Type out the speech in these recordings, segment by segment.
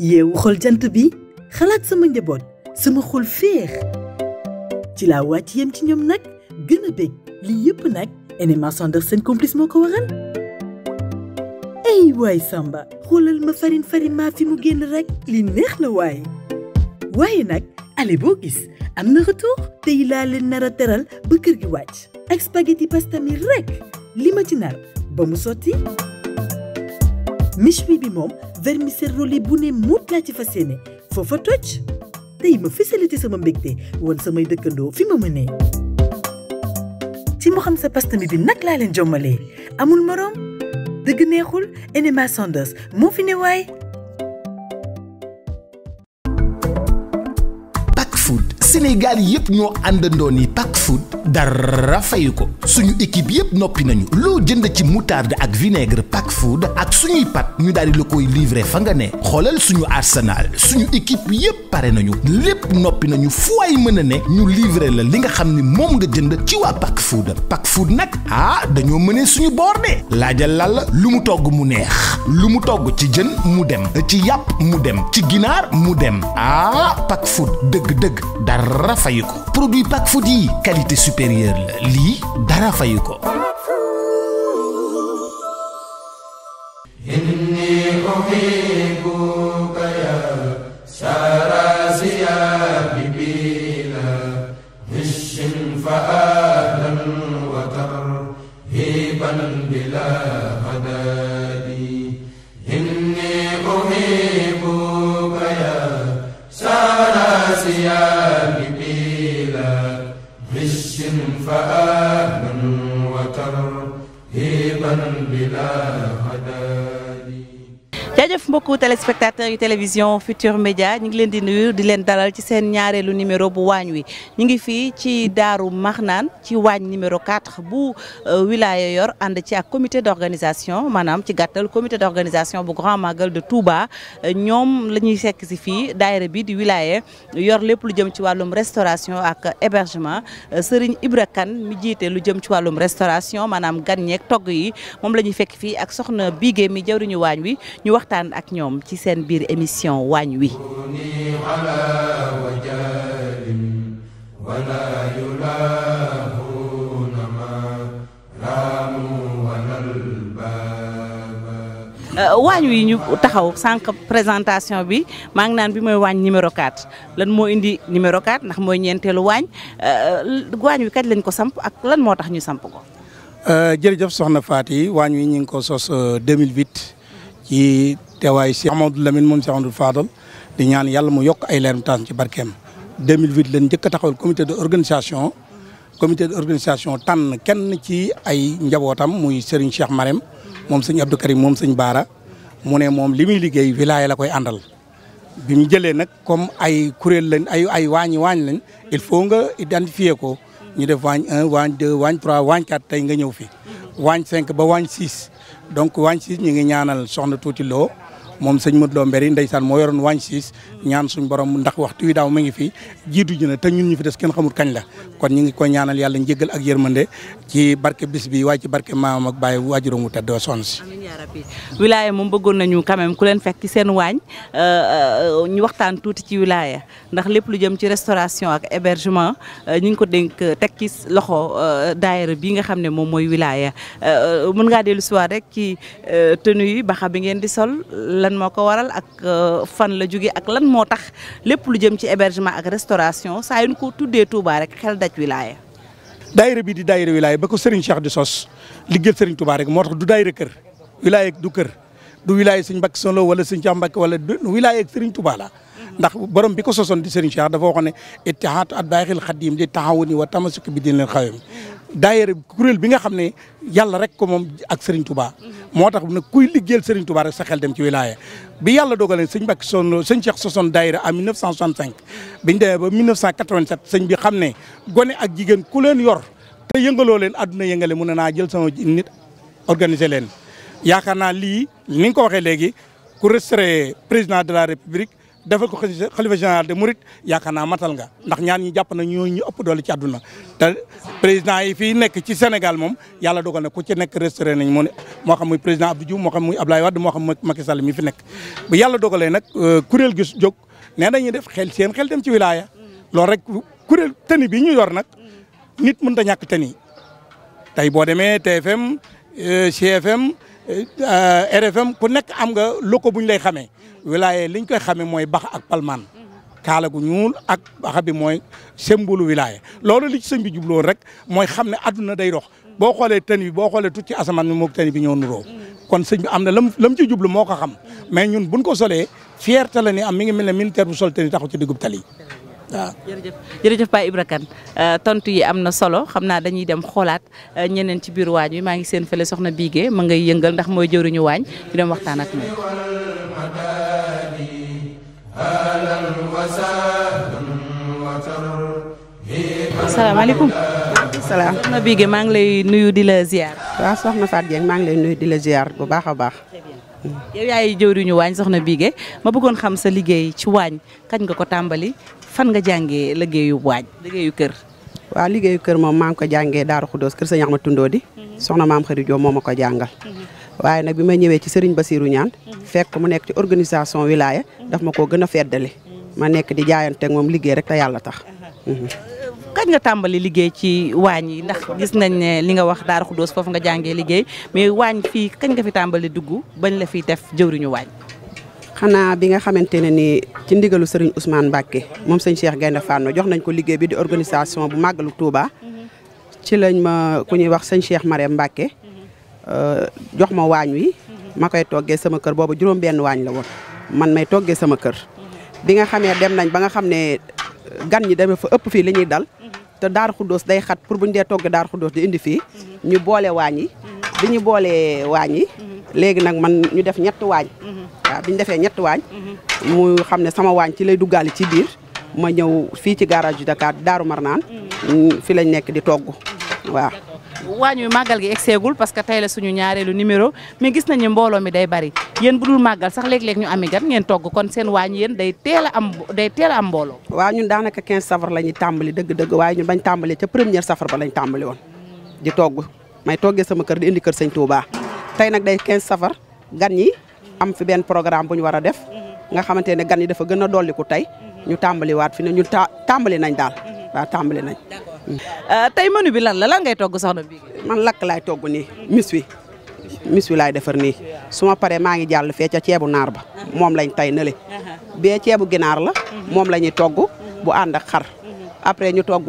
yeewu xool jant bi xalaat sama njaboot sama xol féex ci laa wàcc yem ci ñoom nag gën a lii yëpp nag enema Sanders seen complice ko waral ay waay Samba xoolal ma farin farin maa fi mu génn rek li neex na waaye waaye nag ale boo gis am na retour tey laa leen nar teral ba kër gi wàcc ak spaghetti pasta mi rek li ma ci nar ba mu sotti. méchoui bi moom vermicelle rôli bu ne muut laa ci fas yéene foofa toj tey ma fisalati sama mbégte woon samay dëkkandoo fi ma mënee. ci mu xam sa pasta mi bi nag laa leen jommalee amul morom dëgg neexul enema Sanders moo fi ne waay. Sénégal yëpp ñoo àndandoo ni pack food dara fayu ko suñu équipe yëpp noppi nañu loo jënd ci moutarde ak vinaigre pack food ak suñuy pat ñu daal di la koy livré fa nga ne xoolal suñu arsenal suñu équipe yëpp pare nañu lépp noppi nañu foo ay mën a ne ñu livré la li nga xam ni moom nga jënd ci waa pack food pack food nag ah dañoo mënee suñu boor laajal lal lu mu togg mu neex lu mu togg ci jën mu dem ci yàpp mu dem ci ginaar mu dem ah pack food dëgg dëgg dara fayu ko produit pack food yi qualité supérieure la lii dara fayu ko فآلا وترهيبا بلا mbokku téléspectateurs yu télévision Futur Média ñu ngi leen di nuyu di leen dalal ci seen ñaareelu numéro bu waañ wi ñu ngi fii ci Daaru naan ci waañ numéro 4 bu euh, wilaya yor ànd ci ak comité d'organisation maanaam ci gàttal comité d'organisation bu Grand Magal de Touba ñoom la ñuy sekk si fii daayira bi di wilaya yor lépp lu jëm ci wàllum restauration ak hébergement euh, seriñ Ibra Kane mi jiite lu jëm ci wàllum restauration maanaam gan ñeeg togg yi moom la ñoom ci seen biir émission waañ wi euh, waañ wi ñu taxaw sànq présentation bi maa ngi naan bi mooy waañ numéro 4 lan moo indi numéro 4 ndax mooy ñeenteelu waañ euh, waañ wi kat lañ ko samp lan moo tax ñu samp ko. Euh, jërëjëf soxna Faty waañ wi ñu ko sos 2008 ci teewaayu Cheikh Amadou Lamine moom Cheikh Amadou Fadal di ñaan yàlla mu yokk ay leeram taan ci barkeem 2008 lañ njëkk a taxawal comité d'organisation organisation d'organisation tànn kenn ci ay njabootam muy Serigne Cheikh Marème moom sëñ Abdou Karim moom sëñ Baara mu ne moom li muy liggéey wilaaya la koy àndal bi mu jëlee nag comme ay kuréel lañ ay ay waañi waañ lañ il faut nga identifier ko ñu def waañ un waañ deux waañ trois waañ quatre tey nga ñëw fi waañ cinq ba waañ six donc waañ six ñu ngi ñaanal soxna tuuti loo moom sëñ Modou Lo Mbéri ndeysaan moo yoroon wàññi siis ñaan suñ borom ndax waxtu wi daaw mi fi jiitu ji na te ñun ñu fi des kenn xamul kañ la kon ñu ngi koy ñaanal yàlla njéggal ak yërmande ci barke bis bi waaye ci barke maamam ak bàyyi waajuram wu tedd wilaaya moom bëggoon nañu quand ku leen fekk ci seen waañ euh, euh, ñu waxtaan tuuti ci wilaaya ndax lépp lu jëm ci restauration ak hébergement euh, ñu ngi ko dénk teg ci loxo daayira bi nga xam ne moom mooy wilaaya mën ngaa dellu si waat rek lan moo ko waral ak euh, fan la jóge ak lan moo tax lépp lu jëm ci hébergement ak restauration saa yu ko tuddee Touba rek xel daj wilaaya. daayira bi di daayira wilaaya ba ko Serigne Cheikh di sos liggéeyal Serigne Touba rek moo tax du daayira kër wilaaya du kër du wilaaya Serigne Mbacké Sonlo wala Serigne Cheikh Mbacké wala du wilaaya ak Serigne Touba la. ndax borom bi ko sosoon di Serigne Cheikh dafa waxoon ne ittihaadu atbaa'il xadiim di taxawuni wa tamasuki bi dinañ leen xawee daayira kuréel bi nga xam ne yàlla rek ko moom ak Serigne Touba. moo tax nag kuy liggéeyal Serigne Touba rek sa xel dem ci wilaya bi yàlla dogalee sëñ Mbacke son sëñ Cheikh sosoon daayira en 1965. biñ demee ba 1987 sëñ bi xam ne gone ak jigéen ku leen yor te yëngaloo leen àdduna yëngale mun na naa jël sama nit organiser leen. yaakaar naa lii ni nga ko waxee léegi ku restre président de la république. defal ko xalifa général de Mouride yaakaar naa matal nga ndax ñaan ñi jàpp na ñu ëpp doole ci àdduna te président yi fii nekk ci Sénégal moom yàlla dogal na ku ci nekk restauré nañ moo moo xam muy président Abdou Diouf moo xam muy Abdoulaye Wade moo xam Macky Sall mi fi nekk bu yàlla dogalee nag euh, kuréel gis jóg nee nañu def xel seen xel dem ci wilaya loolu rek kuréel teni bi ñu yor nag nit mën ta ñàkk teni tey boo demee TFM CFM euh, euh, RFM ku nekk am nga loko bu lay xamee wilaya liñ koy xamee mooy bax ak palmaan kaala gu ñuul ak baxa bi mooy sembulu wilaya loolu li ci sëñ bi jubloon rek mooy xam ne adduna day dox boo xoolee tën bi boo xoolee tuuti ci asamaan bi moog tën bi ñoo nuroo kon sëñ bi am na lam lam ci jublu moo ko xam mais ñun buñ ko solee fierté la ni am mi ngi mel ne militaire bu sol tën taxu ci diggub tali waaw jërëjëf euh, am na solo xam naa dañuy dem xoolaat euh, ñeneen ci biir waañ wi maa ngi seen fële soxna Bigué ma ngay yëngal ndax mooy jëriñu waañ ñu dem waxtaan ak moom asalaamaaleykum. salaam soxna Bigué maa ngi lay nuyu di la ziar. waaw soxna Fatou Dieng maa ngi lay nuyu di la ziar bu baax a baax. yow yaay jëwriñu waañ soxna biige ma bëggoon xam sa liggéey ci waañ kañ nga ko tàmbali fan nga jàngee liggéeyu waañ liggéeyu kër. waaw liggéeyu kër moom maa ngi ko jàngee Daaru Xuddoos kër Sëñ Axma Tundoo di. Mhm. soxna maam Xari Joob moo ko jàngal. Mhm. waaye nag bi may ñëwee ci Serigne basiiru ñaan mhm. fekk mu nekk ci organisation wilaya mhm. daf ma koo gën a feddali mhm. ma nekk di jaayante ak moom liggéey rek te yàlla tax. Uh-huh. kañ nga tàmbali liggéey ci waañ yi ndax gis nañ ne li nga wax Darou Khoudoss foofu nga jàngee liggéey mais waañ fii kañ nga fi tàmbali dugg bañ la fiy def jëwriñu waañ. xanaa bi nga xamante ne ni ci ndigalu Serigne Ousmane Mbacke moom sëñ Cheikh Gaynde Fatma jox nañ ko liggéey bi di organisation bu màggalu Touba. ci lañ ma ku ñuy wax sëñ Cheikh Mariam Mbacke Euh, jox ma waañ wi ma koy toggee sama kër boobu juróom benn waañ la woon man may toggee sama kër bi nga xamee dem nañ ba nga xam ne euh, gan ñi demee fa ëpp fii li ñuy dal te daar xuddoos day xat pour bu buñu dee togg daar xuddoos di indi fii ñu boole waañ yi bi ñu boolee waañ yi léegi nag man ñu def ñett waañ waaw bi ñu defee ñetti waañ mu xam ne sama waañ ci lay duggaale ci biir ma ñëw fii ci garage du Dakar Daaru Marnaan fi lañ nekk di togg waaw waañ wi màggal gi egseegul parce que tey la suñu ñaareelu numéro mais gis nañu mbooloo mi day bari yéen bu dul màggal sax léeg-léeg ñu ami gan ngeen togg kon seen waañ yéen day teel a am teel a am mbooloo waaw ñun daanaka 15 safar la ñuy tàmbali dëgg-dëgg waaye ñu bañ tàmbali ca première safar ba lañ tàmbali woon di togg may toggee sama kër di indi kër sëñ Touba tey nag day 15 safar gan ñi am fi benn programme bu ñu war a def nga xamante ne gan ñi dafa gën a dolliku tey ñu tàmbaliwaat fi ne ñun tàmbali nañ daal mhm. waaw tàmbali nañ Euh, tey menu bi lan la lan ngay togg soxna bi man lakk laay togg nii mis wi mis wi laay defar nii su ma paree maa ngi jàll fee ca ceebu naar ba moom lañ tey nële bee ceebu ginaar la moom la ñuy togg bu ànd ak xar après ñu togg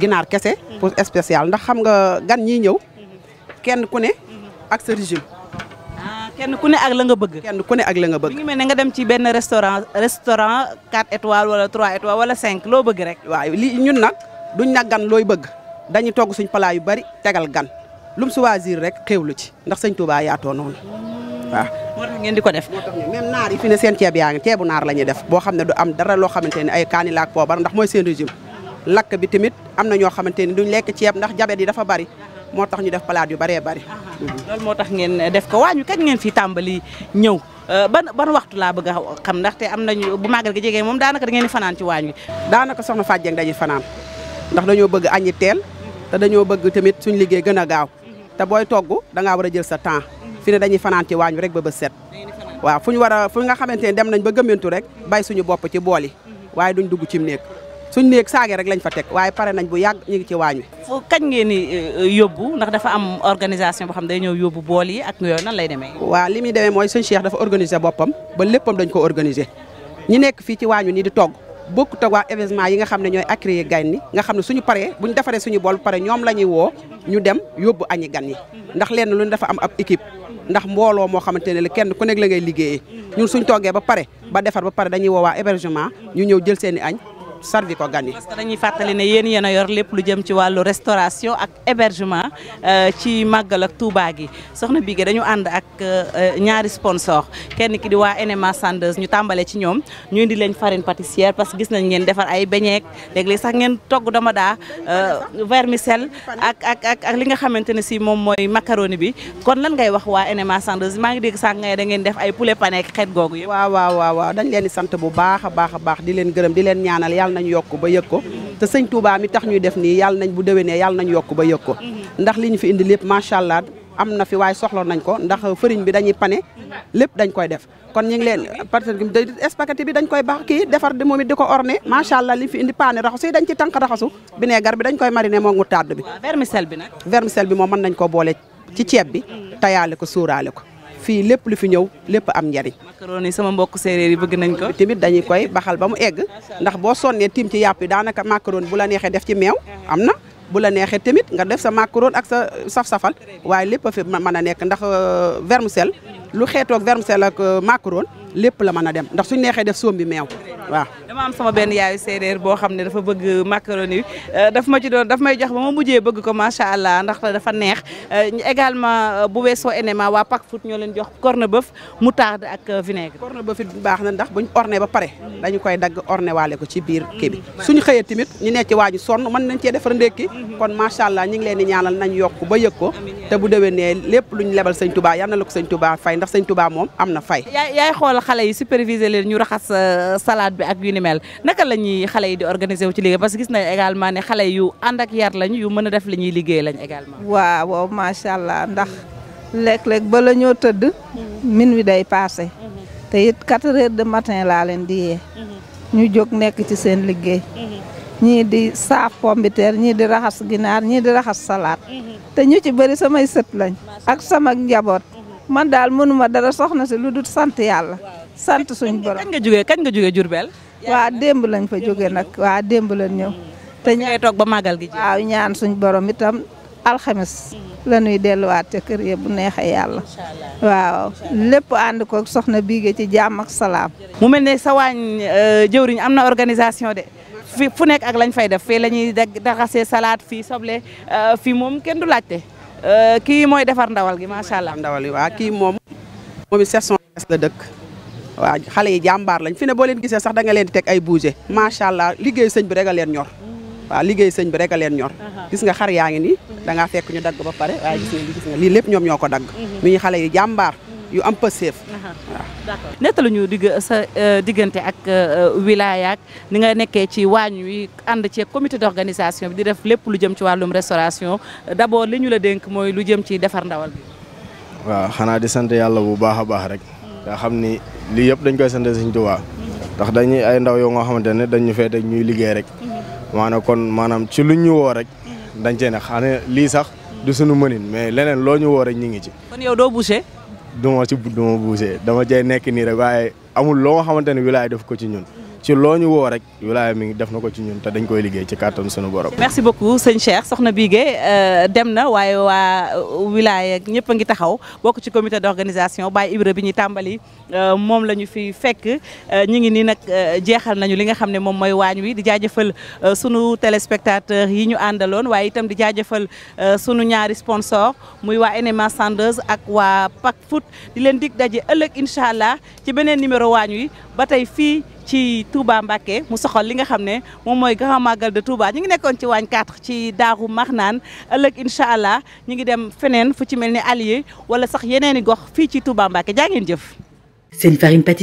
ginaar kese pour spécial ndax xam nga gan ñi ñëw kenn ku ne ak sa régime ah, kenn ku ne ak la nga bëgg. kenn ku ne ak la nga bëgg. mi mel ne nga dem ci benn restaurant restaurant 4 étoiles wala wala 5 loo bëgg rek. waaw li ñun nag. duñ nag gan looy bëgg dañuy togg suñ palaa yu bari tegal gan lum choisir rek xéwlu ci ndax sëñ Touba yaatoo noonu waaw. moo tax ngeen di ko def. moo tax même naar yi fi ne seen ceeb yaa ngi ceebu naar la ñuy def boo xam ne du am dara loo xamante ne ay kaani laak poobar ndax mooy seen régime lakk bi tamit am na ñoo xamante ne duñ lekk ceeb ndax jabet yi dafa bari moo tax ñu def palaat yu baree bari. moo tax ngeen def ko waañu kañ ngeen fi tàmbali ñëw euh, ban ban waxtu laa bëgg a xam ndaxte am nañu bu màggal gi jegee moom daanaka da ngeen di fanaan ci waañ wi. daanaka soxna Fàjjeng fanaan ndax dañoo bëgg añi teel te dañoo bëgg tamit suñ liggéey gën a gaaw te booy togg da war a jël sa temps fi ne dañuy fanaan ci waañ rek ba bës set waaw fu ñu war a fu nga xamante ne dem nañ ba gëmmentu rek bay suñu bopp ci bool yi waaye duñ dugg ci néeg suñ néeg saage rek lañ fa teg waaye pare nañ bu yàgg ñu ngi ci waañ wi kañ ngeen ni euh, yóbbu ndax dafa am organisation boo xam day ñëw yóbbu bool yi ak yooyu nan lay demee waaw li muy demee mooy suñ Cheikh dafa organiser boppam ba léppam dañ ko organiser bokkut ak waa événement yi nga xam ne ñooy accueillir gan ñi nga xam ne suñu paree buñ defaree suñu bool pare ñoom la woo ñu dem yóbbu añi gan yi ndax lenn lu ñu dafa am ab équipe ndax mbooloo moo xamante ne la kenn ku nekk la ngay liggéeyee ñun suñ toogee ba pare ba defar ba pare dañuy woowaa waa hébergement ñu ñëw jël seen i añ servi ko gan yi. parce que dañuy fàttali ne yéen yéen a yor lépp lu jëm ci wàllu restauration ak hébergement euh, ci màggal ak Touba soxna Bigué dañu ànd ak euh, ñaari sponsor kenn ki di waa NMA Sanders ñu tàmbale ci ñoom ñu indi leen farine pâtissière parce que gis nañ ngeen defar ay beñeek léeg-léeg sax ngeen togg dama daa euh, vermicelle ak ak ak ak li nga xamante ne si moom mooy macaroni bi kon lan ngay wax waa NMA Sanders maa ngi dégg sax ngay da ngeen def ay poulet pané xeet googu yëpp. waaw waaw dañ a a baax di leen gërëm nañ yokk ba yëg ko te sëñ Touba mi tax ñuy def nii yàlla nañ bu ne yàlla nañ yokku ba yëg ko mhm. ndax li ñu fi indi lépp macha allah am na fi waaye soxlo nañ ko ndax fëriñ bi dañuy pane lépp dañ koy def kon ñu ngi leen parce que spaghetti bi dañ koy baax kii defar di moom it di ko orné macha allah li fi indi paane raxasu yi dañ ci tànk raxasu vinaigre bi dañ koy mariné moom mu tàdd bi vermicelle bi nag bi moom mën nañ ko boole ci ceeb bi mhm. tayaale ko suuraale ko fii lépp lu fi ñëw lépp am njariñ macaroni sama mbokk séeréer yi bëgg nañ ko tamit dañuy koy baxal ba mu egg ndax boo sonnee tiim ci yàpp yi daanaka macaroni bu la neexee def ci meew am na bu la neexee tamit nga def sa macaroni ak sa saf-safal waaye lépp a fi mën a nekk ndax euh, vermicelle lu xeetoog vermicelle ak euh, macaroni lépp la mën a dem ndax suñ neexee def soom bi meew waaw dama am sama benn yaayu séeréer boo xam ne dafa bëgg macaroni daf ma ci doon daf may jox ba ma mujjee bëgg ko macha allah ndax dafa neex ñu euh, également euh, bu weesoo enema wa pak foot ñoo leen jox corne bœuf moutarde ak euh, vinaigre corne bœuf it baax na ndax buñ orne ba pare dañ koy dag orne waale ko ci biir kii bi mm. suñu xëyee tamit ñu nekk ci waaju sonn mën nañ cee defar ndékki mm-hmm. kon macha allah ñu ngi leen di ñaanal nañ yokk ba yëg ko te bu déwénee lépp luñ lebal sëñ Touba yal na la ko sëñ Touba fay ndax sëñ moom am na fay xale yi superviser leen ñu raxas euh, salade bi ak yu mel naka la ñuy xale yi di organiser wu ci liggéey parce que gis na également ne xale yu ànd ak yar lañ yu mën a def li ñuy liggéey lañ également. waaw waaw macha allah ndax léeg-léeg ba la ñoo tëdd. minuit day pasé te it 4 heures de matin laa leen di yee. ñu jóg nekk ci seen liggéey. ñii di saaf pombiteer ñii di raxas ginaar ñii di raxas salade. te ñu ci bëri samay sët lañ. ak sama njaboot. man daal mënuma dara soxna si lu dul sant yàlla. sant suñ borom kañ nga kañ nga jógee Jurbel. waa démb lañ fa jógee nag waa demb lañ ñëw. te ñu ngi toog ba màggal gi. waaw ñaan suñu borom itam alxames. la ñuy delluwaat ca kër ya bu neexee yàlla. waaw lépp ànd ko soxna Biége ci jàmm ak salaam. mu mel ne sawaañ waañ euh, jëwriñ am na organisation de. fi fu nekk ak lañ fay def fii la ñuy daxasee salaat fii soble euh, fii moom kenn du laajte. Euh, kii mooy defar ndawal gi macha allah. ndawal yi waa kii moom. moom it section la dëkk. wa xale yi jàmbaar lañ fi ne boo leen gisee sax da nga leen teg ay bougé macha allah liggéey sëñ bi rek a leen ñor. liggéey sëñ bi rek leen ñor. Uh-huh. gis nga xar yaa ngi nii. da fekk ñu dagg ba pare waaye gis lii lépp ñoom ñoo ko dagg. Uh-huh. mi xale yi jàmbaar. yu am pëseef. waaw d'accord ñu digg sa euh, diggante ak euh, wilaya ak ni nga nekkee ci waañ wi ànd ci comité organisation bi di def lépp lu jëm ci wàllum restauration d'abord li ñu la dénk mooy lu jëm ci defar ndawal bi. waaw xanaa di sant yàlla bu baax a baax rek. nga xam ni lii yëpp dañ koy sant Sëriñ Tuubaa ndax dañuy ay ndaw yoo nga xamante ne dañ ñu fee ñuy liggéey rek. Mhm. maanaam kon maanaam ci lu ñu woo rek. dañ cee ne xanaa lii sax du sunu mënin mais leneen loo ñu woo rek ñu ngi ci. du ma si du ma buusee dama cay nekk nii rek waaye amul loo xamante ne wilaay def ko ci ñun ci loo ñu woo rek wilaaya mi def na ko ci ñun te dañ koy liggéey ci kàttan suñu borom. merci beaucoup sëñ Cheikh soxna Bigué euh, dem na waaye waa wilaaya ñëpp a ngi taxaw bokk ci comité d'organisation Baye Ibra bi ñuy tàmbali euh, moom la ñu fi fekk euh, ñu ngi nii nag jeexal nañu li nga xam ne moom mooy waañ wi di jaajëfal sunu téléspectateur yi ñu àndaloon waaye itam di jaajëfal sunu ñaari sponsor muy waa NMA Sandeuse ak waa Pack Foot di leen dig daje ëllëg incha allah ci beneen numéro waañ wi ci Touba Mbacké mu soxal li nga xam ne moom mooy grand magal de Touba ñu ngi nekkoon ci waañ 4 ci Daaru naan ëllëg incha allah ñi ngi dem feneen fu ci mel ni Allier wala sax yeneen i gox fii ci Touba Mbacké jaa ngeen jëf. seen